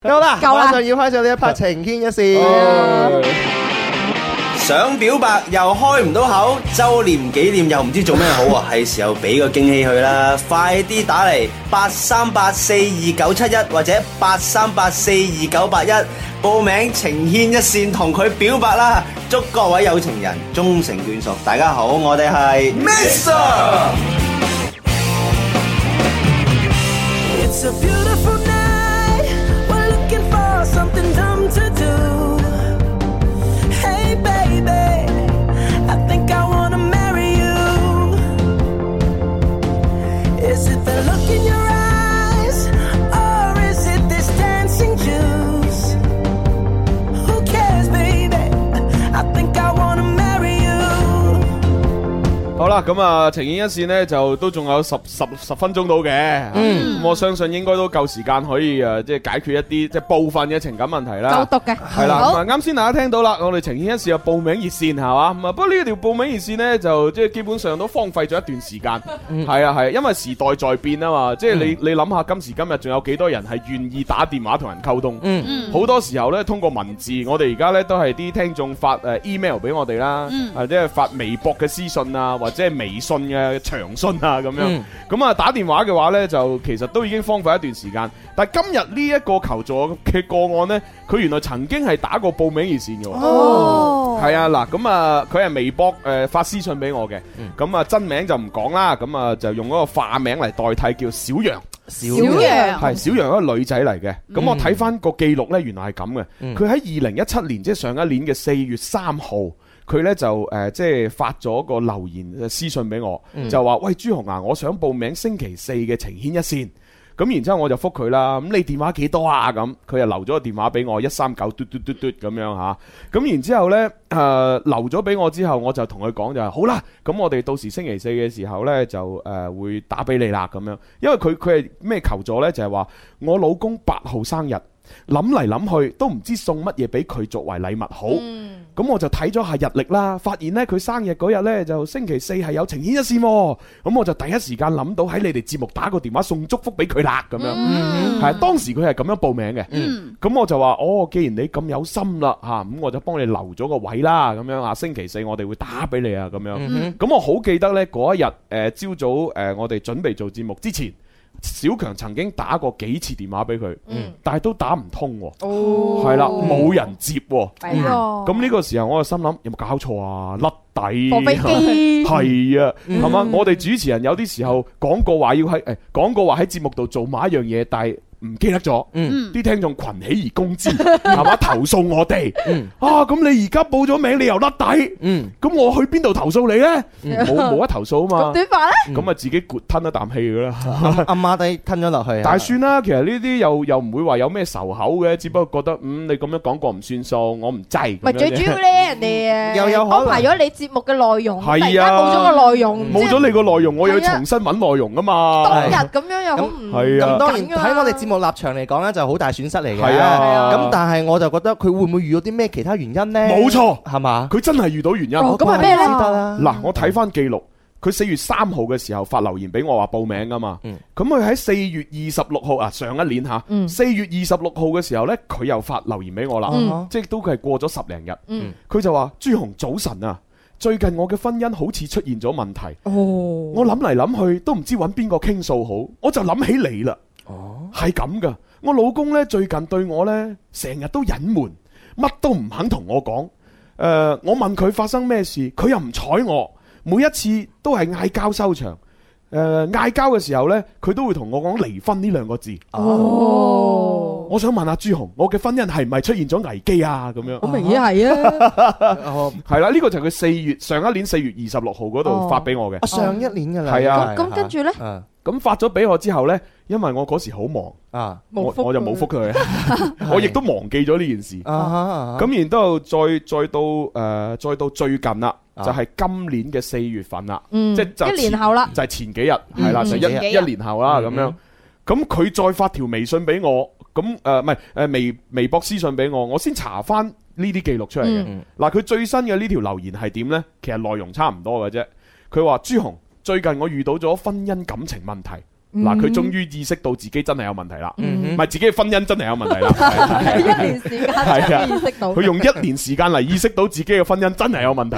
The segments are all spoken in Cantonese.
好啦，馬上要開始呢一拍晴天一線，想表白又開唔到口，周年紀念又唔知做咩好啊！係時候俾個驚喜佢啦，快啲打嚟八三八四二九七一或者八三八四二九八一報名晴天一線同佢表白啦！祝各位有情人終成眷屬，大家好，我哋係。咁啊，呈現一線呢，就都仲有十十十分鐘到嘅，嗯啊、我相信應該都夠時間可以誒，即、啊、係解決一啲即係部分嘅情感問題啦。夠讀嘅，係、啊、啦。啱先、嗯、好大家聽到啦，我哋呈現一線嘅報名熱線係嘛，咁啊，不過呢條報名熱線呢，就即係基本上都荒廢咗一段時間。係、嗯、啊係，因為時代在變啊嘛，即係、嗯、你你諗下，今時今日仲有幾多人係願意打電話同人溝通？好、嗯嗯、多時候呢，通過文字，我哋而家呢都係啲聽眾發 email 俾我哋啦、啊，或者係發微博嘅私信啊，或者。微信嘅長信啊，咁、啊、樣咁啊、嗯、打電話嘅話呢，就其實都已經荒廢一段時間。但係今日呢一個求助嘅個案呢，佢原來曾經係打過報名熱線嘅。哦，係、哦、啊，嗱，咁啊，佢係微博誒、呃、發私信俾我嘅。咁啊、嗯，真名就唔講啦。咁啊，就用嗰個化名嚟代替，叫小羊。小羊係小羊，一個女仔嚟嘅。咁我睇翻個記錄呢，原來係咁嘅。佢喺二零一七年，即係上一年嘅四月三號。佢咧就誒即係發咗個留言私信俾我，就話：嗯、喂朱紅啊，我想報名星期四嘅情牽一線。咁然之後我就覆佢啦。咁、嗯、你電話幾多啊？咁佢又留咗個電話俾我，一三九嘟嘟嘟嘟咁樣嚇。咁然之後呢，誒、呃、留咗俾我之後，我就同佢講就係、是：好啦，咁我哋到時星期四嘅時候呢，就誒、呃、會打俾你啦。咁樣，因為佢佢係咩求助呢？就係、是、話我老公八號生日，諗嚟諗去都唔知送乜嘢俾佢作為禮物好。嗯咁我就睇咗下日曆啦，發現呢佢生日嗰日呢就星期四係有晴天一線喎，咁我就第一時間諗到喺你哋節目打個電話送祝福俾佢啦，咁樣，係當時佢係咁樣報名嘅，咁我就話哦，既然你咁有心啦，嚇，咁我就幫你留咗個位啦，咁樣啊，星期四我哋會打俾你啊，咁樣，咁我好記得呢嗰一日誒朝早誒我哋準備做節目之前。小強曾經打過幾次電話俾佢，嗯、但係都打唔通、哦，係啦，冇人接、哦，咁呢、嗯嗯、個時候我就心諗，有冇搞錯啊？甩底，係啊，係嘛？我哋主持人有啲時候講過話要喺，誒、哎，講過話喺節目度做某一樣嘢，但係唔記得咗，啲聽眾群起而攻之，係嘛？投訴我哋，啊咁你而家報咗名，你又甩底，咁我去邊度投訴你咧？冇冇得投訴啊嘛？咁短髮咧？咁啊自己豁吞一啖氣㗎啦，阿媽仔吞咗落去。但係算啦，其實呢啲又又唔會話有咩仇口嘅，只不過覺得嗯你咁樣講過唔算數，我唔制。咪最主要咧，人哋啊又安排咗你節目嘅內容，突然間冇咗個內容，冇咗你個內容，我要重新揾內容啊嘛。當日咁樣又好唔咁多年睇我哋節。立場嚟講咧，就好大損失嚟嘅。係啊，咁但係我就覺得佢會唔會遇到啲咩其他原因呢？冇錯，係嘛？佢真係遇到原因。咁係咩呢？嗱，我睇翻記錄，佢四月三號嘅時候發留言俾我話報名噶嘛。咁佢喺四月二十六號啊，上一年吓。四月二十六號嘅時候呢，佢又發留言俾我啦。即係都係過咗十零日。嗯。佢就話：朱紅，早晨啊！最近我嘅婚姻好似出現咗問題。哦。我諗嚟諗去都唔知揾邊個傾訴好，我就諗起你啦。哦。係咁噶，我老公呢，最近對我呢，成日都隱瞞，乜都唔肯同我講。誒，我問佢發生咩事，佢又唔睬我。每一次都係嗌交收場。誒、呃，嗌交嘅時候呢，佢都會同我講離婚呢兩個字。哦，我想問下朱紅，我嘅婚姻係唔係出現咗危機啊？咁樣，好明顯係啊，係啦，呢個就係佢四月上一年四月二十六號嗰度發俾我嘅。上一年噶啦。係、哦、啊。咁、啊、跟住呢，咁、啊、 發咗俾我之後呢。因為我嗰時好忙啊，我就冇覆佢，我亦都忘記咗呢件事。咁然之後，再再到誒，再到最近啦，就係今年嘅四月份啦，即係一年後啦，就係前幾日係啦，就一一年後啦咁樣。咁佢再發條微信俾我，咁誒唔係誒微微博私信俾我，我先查翻呢啲記錄出嚟嘅。嗱，佢最新嘅呢條留言係點呢？其實內容差唔多嘅啫。佢話朱紅最近我遇到咗婚姻感情問題。嗱，佢終於意識到自己真係有問題啦，唔係、嗯、哼自己嘅婚姻真係有問題啦。一年時間，係啊，佢用一年時間嚟，意識到自己嘅婚姻真係有問題。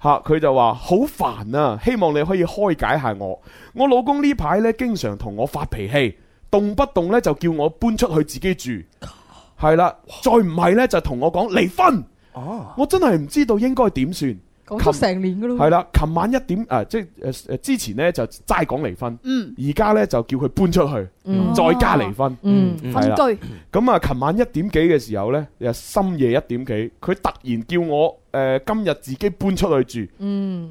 吓， 佢就話好煩啊，希望你可以開解下我。我老公呢排咧，經常同我發脾氣，動不動呢就叫我搬出去自己住，係啦，再唔係呢，就同我講離婚。哦哇，我真係唔知道應該點算。講成年噶咯，係啦，琴晚一點誒，即係誒誒，之前咧就齋講離婚，而家咧就叫佢搬出去，再加離婚，分居。咁啊，琴晚一點幾嘅時候咧，又深夜一點幾，佢突然叫我誒，今日自己搬出去住，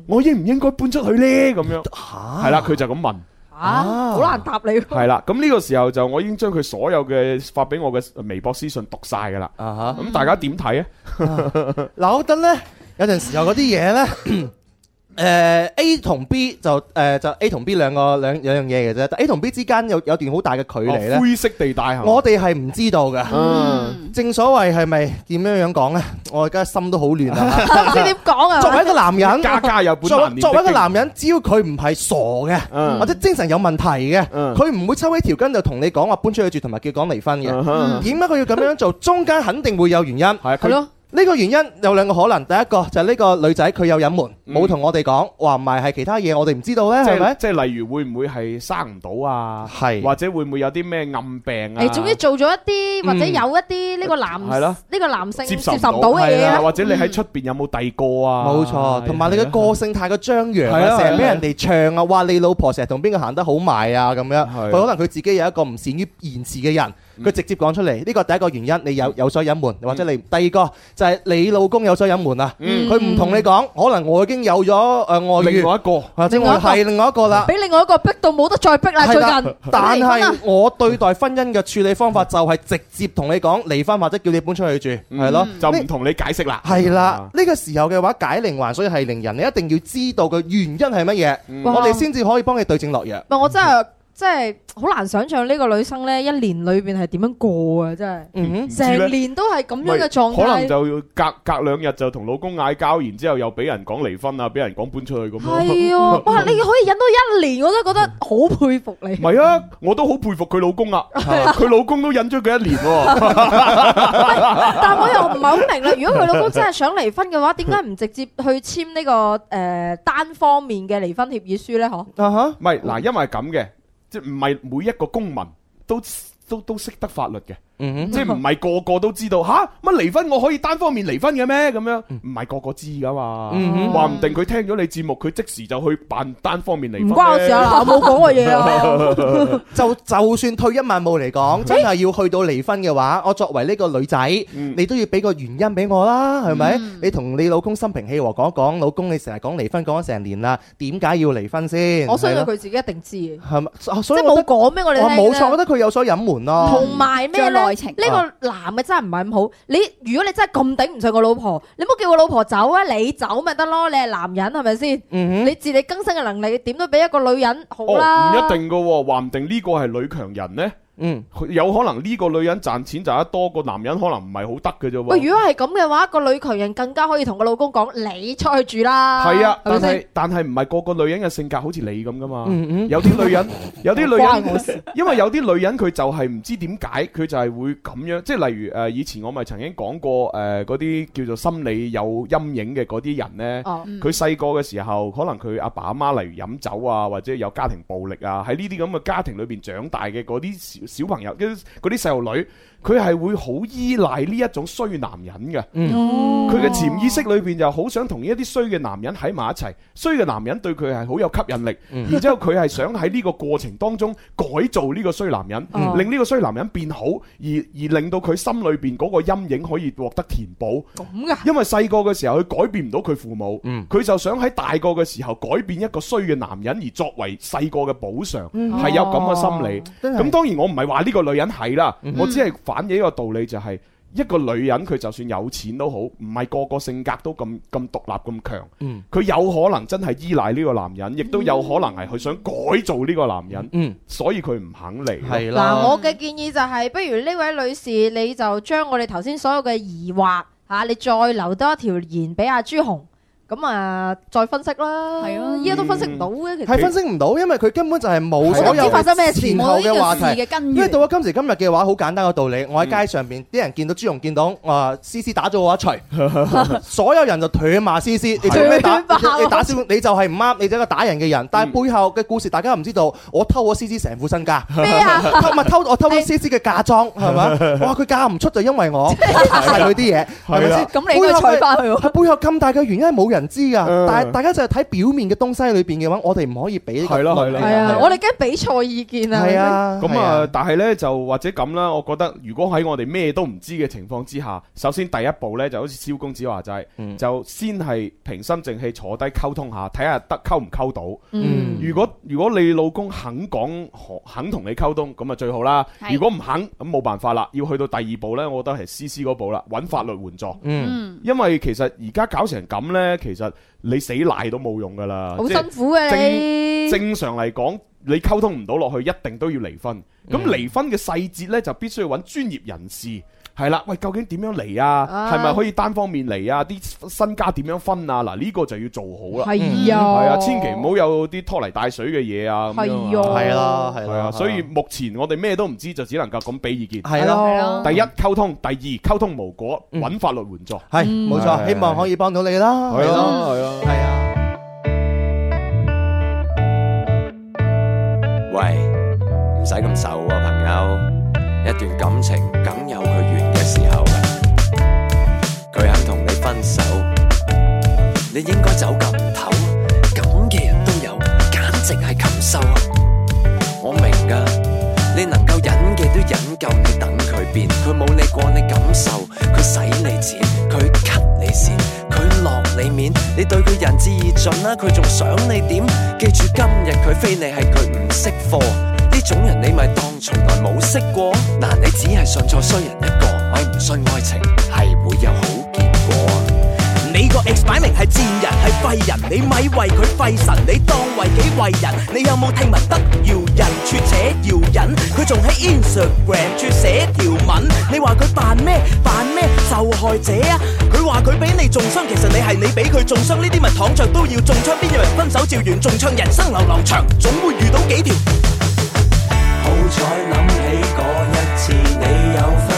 我應唔應該搬出去咧？咁樣，係啦，佢就咁問，啊，好難答你。係啦，咁呢個時候就我已經將佢所有嘅發俾我嘅微博私信讀晒噶啦，咁大家點睇啊？嗱，我覺得咧。有陣時候嗰啲嘢，呢誒 A 同 B 就誒就 A 同 B 兩個兩兩樣嘢嘅啫，但 A 同 B 之間有有段好大嘅距離咧。灰色地帶，我哋係唔知道嘅。正所謂係咪點樣樣講呢？我而家心都好亂啊！唔知點講啊！作為一個男人，家家有本難念的經。作為一個男人，只要佢唔係傻嘅，或者精神有問題嘅，佢唔會抽起條筋就同你講話搬出去住，同埋叫講離婚嘅。點解佢要咁樣做？中間肯定會有原因。係，係咯。呢個原因有兩個可能，第一個就係呢個女仔佢有隱瞞，冇同我哋講，話唔係係其他嘢，我哋唔知道呢係咪？即係例如會唔會係生唔到啊？係或者會唔會有啲咩暗病啊？你總之做咗一啲或者有一啲呢個男呢個男性接受唔到嘅嘢，或者你喺出邊有冇第個啊？冇錯，同埋你嘅個性太過張揚，成日俾人哋唱啊，話你老婆成日同邊個行得好埋啊，咁樣佢可能佢自己有一個唔善於言辭嘅人。佢直接講出嚟，呢個第一個原因，你有有所隱瞞，或者你第二個就係你老公有所隱瞞啊。嗯，佢唔同你講，可能我已經有咗誒，我另外一個，係另外一個啦，俾另外一個逼到冇得再逼啦，最近。但係我對待婚姻嘅處理方法就係直接同你講離婚，或者叫你搬出去住，係咯，就唔同你解釋啦。係啦，呢個時候嘅話解鈴還須繫鈴人，你一定要知道佢原因係乜嘢，我哋先至可以幫你對症落藥。唔係我真係。即係好難想象呢個女生呢一年裏面係點樣過啊！真係，成、嗯、年都係咁樣嘅狀態。可能就隔隔兩日就同老公嗌交，然之後又俾人講離婚啊，俾人講搬出去咁。係啊， 哇！你可以忍到一年，我都覺得好佩服你。唔係啊，我都好佩服佢老公啊。佢 老公都忍咗佢一年喎、啊。 但係我又唔係好明啦。如果佢老公真係想離婚嘅話，點解唔直接去簽呢、這個誒、呃、單方面嘅離婚協議書呢？嗬、啊哈？唔係嗱，因為咁嘅。即唔係每一個公民都都都識得法律嘅。嗯、即係唔係個個都知道吓乜離婚我可以單方面離婚嘅咩咁樣唔係、嗯、個個知噶嘛，話唔、嗯、哼定佢聽咗你節目佢即時就去辦單方面離婚。唔關我事啊， 我冇講過嘢啊。就就算退一萬步嚟講，真係、欸、要去到離婚嘅話，我作為呢個女仔，嗯、你都要俾個原因俾我啦，係咪？嗯、你同你老公心平氣和講一講，老公你成日講離婚講咗成年啦，點解要離婚先？我相信佢自己一定知嘅。係咪？所以冇講咩我哋冇錯，我覺得佢有,、哦、有所隱瞞咯。同埋咩咧？愛情呢、啊、個男嘅真係唔係咁好，你如果你真係咁頂唔順個老婆，你唔好叫個老婆走啊，你走咪得咯，你係男人係咪先？是是嗯、哼你自力更生嘅能力點都比一個女人好啦。唔、哦、一定噶，話唔定呢個係女強人呢。嗯，有可能呢個女人賺錢賺得多，個男人可能唔係好得嘅啫。喂，如果係咁嘅話，個女強人更加可以同個老公講，你出去住啦。係啊，但係但係唔係個個女人嘅性格好似你咁噶嘛？嗯嗯，有啲女人有啲女人，女人 乖因為有啲女人佢就係唔知點解，佢就係會咁樣，即係例如誒、呃，以前我咪曾經講過誒、嗰、呃、啲叫做心理有陰影嘅嗰啲人呢，佢細個嘅時候可能佢阿爸阿媽例如飲酒啊，或者有家庭暴力啊，喺呢啲咁嘅家庭裏邊長大嘅嗰啲。小朋友，嗰啲細路女。佢係會好依賴呢一種衰男人嘅，佢嘅、嗯、潛意識裏邊就好想同一啲衰嘅男人喺埋一齊，衰嘅男人對佢係好有吸引力，然之後佢係想喺呢個過程當中改造呢個衰男人，嗯、令呢個衰男人變好，而而令到佢心裏邊嗰個陰影可以獲得填補。嗯、因為細個嘅時候佢改變唔到佢父母，佢、嗯、就想喺大個嘅時候改變一個衰嘅男人，而作為細個嘅補償，係、嗯、有咁嘅心理。咁、嗯啊、當然我唔係話呢個女人係啦，我只係反正一個道理就係一個女人，佢就算有錢都好，唔係個個性格都咁咁獨立咁強，嗯，佢有可能真係依賴呢個男人，亦都有可能係佢想改造呢個男人，嗯，所以佢唔肯嚟。係。嗱，我嘅建議就係，不如呢位女士，你就將我哋頭先所有嘅疑惑吓，你再留多一條言俾阿朱紅。咁啊，再分析啦，係啊，依家都分析唔到嘅，其實係分析唔到，因為佢根本就係冇所有發生咩前後嘅話題嘅根源。因為到咗今時今日嘅話，好簡單嘅道理，我喺街上邊啲人見到朱蓉，見到啊，思思打咗我一錘，所有人就唾罵思思。你做咩打？你打笑，你就係唔啱，你就一個打人嘅人。但係背後嘅故事，大家唔知道。我偷咗思思成副身家，咩啊？偷咪偷？我偷咗思思嘅嫁妝，係咪？哇！佢嫁唔出就因為我係佢啲嘢，係咪先？咁你背後咁大嘅原因冇人知噶，大、呃、大家就係睇表面嘅東西裏邊嘅話，我哋唔可以俾係咯，係啊，我哋驚俾錯意見啊。係啊，咁啊，啊啊但係咧就或者咁啦，我覺得如果喺我哋咩都唔知嘅情況之下，首先第一步咧就好似蕭公子話齋就係，嗯、就先係平心靜氣坐低溝通下，睇下得溝唔溝到。嗯，如果如果你老公肯講，肯同你溝通，咁啊最好啦。如果唔肯，咁冇辦法啦，要去到第二步咧，我覺得係 C C 嗰步啦，揾法律援助。嗯，因為其實而家搞成咁咧。其實你死賴都冇用噶啦，好辛苦嘅。正正常嚟講，你溝通唔到落去，一定都要離婚。咁離、嗯、婚嘅細節呢，就必須要揾專業人士。係啦，喂，究竟點樣嚟啊？係咪可以單方面嚟啊？啲身家點樣分啊？嗱，呢個就要做好啦。係啊，係啊，千祈唔好有啲拖泥帶水嘅嘢啊。係啊，係啦，係啊，所以目前我哋咩都唔知，就只能夠咁俾意見。係咯，係咯。第一溝通，第二溝通無果，揾法律援助。係，冇錯，希望可以幫到你啦。係啦，係啊，係啊。喂，唔使咁愁啊，朋友。一段感情梗有佢完嘅時候，佢肯同你分手，你應該走咁唞，咁嘅人都有，簡直係禽獸。我明噶，你能夠忍嘅都忍夠，你等佢變，佢冇理過你感受，佢使你錢，佢 cut 你綫，佢落你面，你對佢仁至義盡啦，佢仲想你點？記住今日佢飛你係佢唔識貨。種人你咪當從來冇識過，嗱，你只係信錯衰人一個，咪唔信愛情係會有好結果。你個 ex 擺明係賤人係廢人，你咪為佢費神，你當為己為人。你有冇聽聞得饒人處且饒人？佢仲喺 Instagram 處寫條文，你話佢扮咩扮咩受害者啊？佢話佢俾你中傷，其實你係你俾佢中傷，呢啲咪躺着都要中槍？邊有人分手照完中槍，人生流流長，總會遇到幾條。再諗起嗰一次，你有。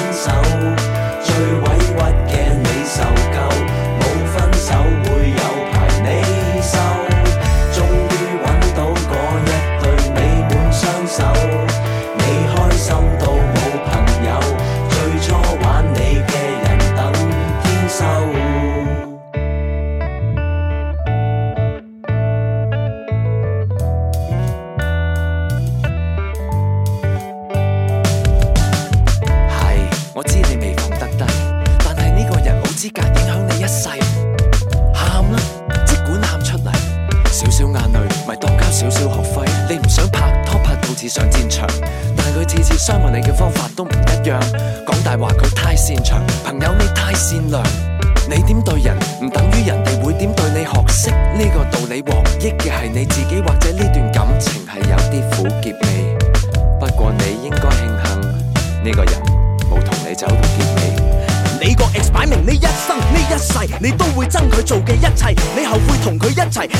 你自己或者呢段感情係有啲苦澀味，不過你應該慶幸呢個人冇同你走到結尾。你個 x 擺明呢一生呢一世你都會憎佢做嘅。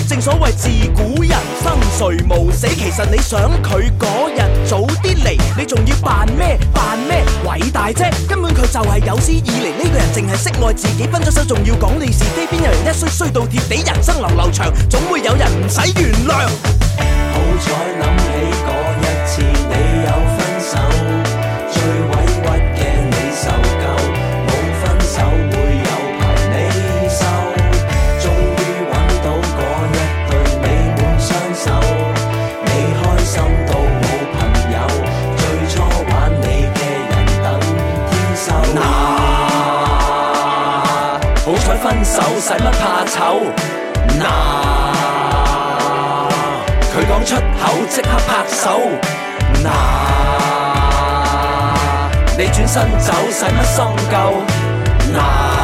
正所謂自古人生誰無死，其實你想佢日早啲嚟，你仲要扮咩扮咩偉大啫？根本佢就係有史以嚟，呢、這個人淨係識愛自己，分咗手仲要講你是非，邊有人一衰衰到貼地，人生流流長，總會有人唔使原諒。好彩諗起嗰。想分手使乜怕醜？嗱、啊，佢講出口即刻拍手。嗱、啊，你轉身走使乜心夠？嗱。啊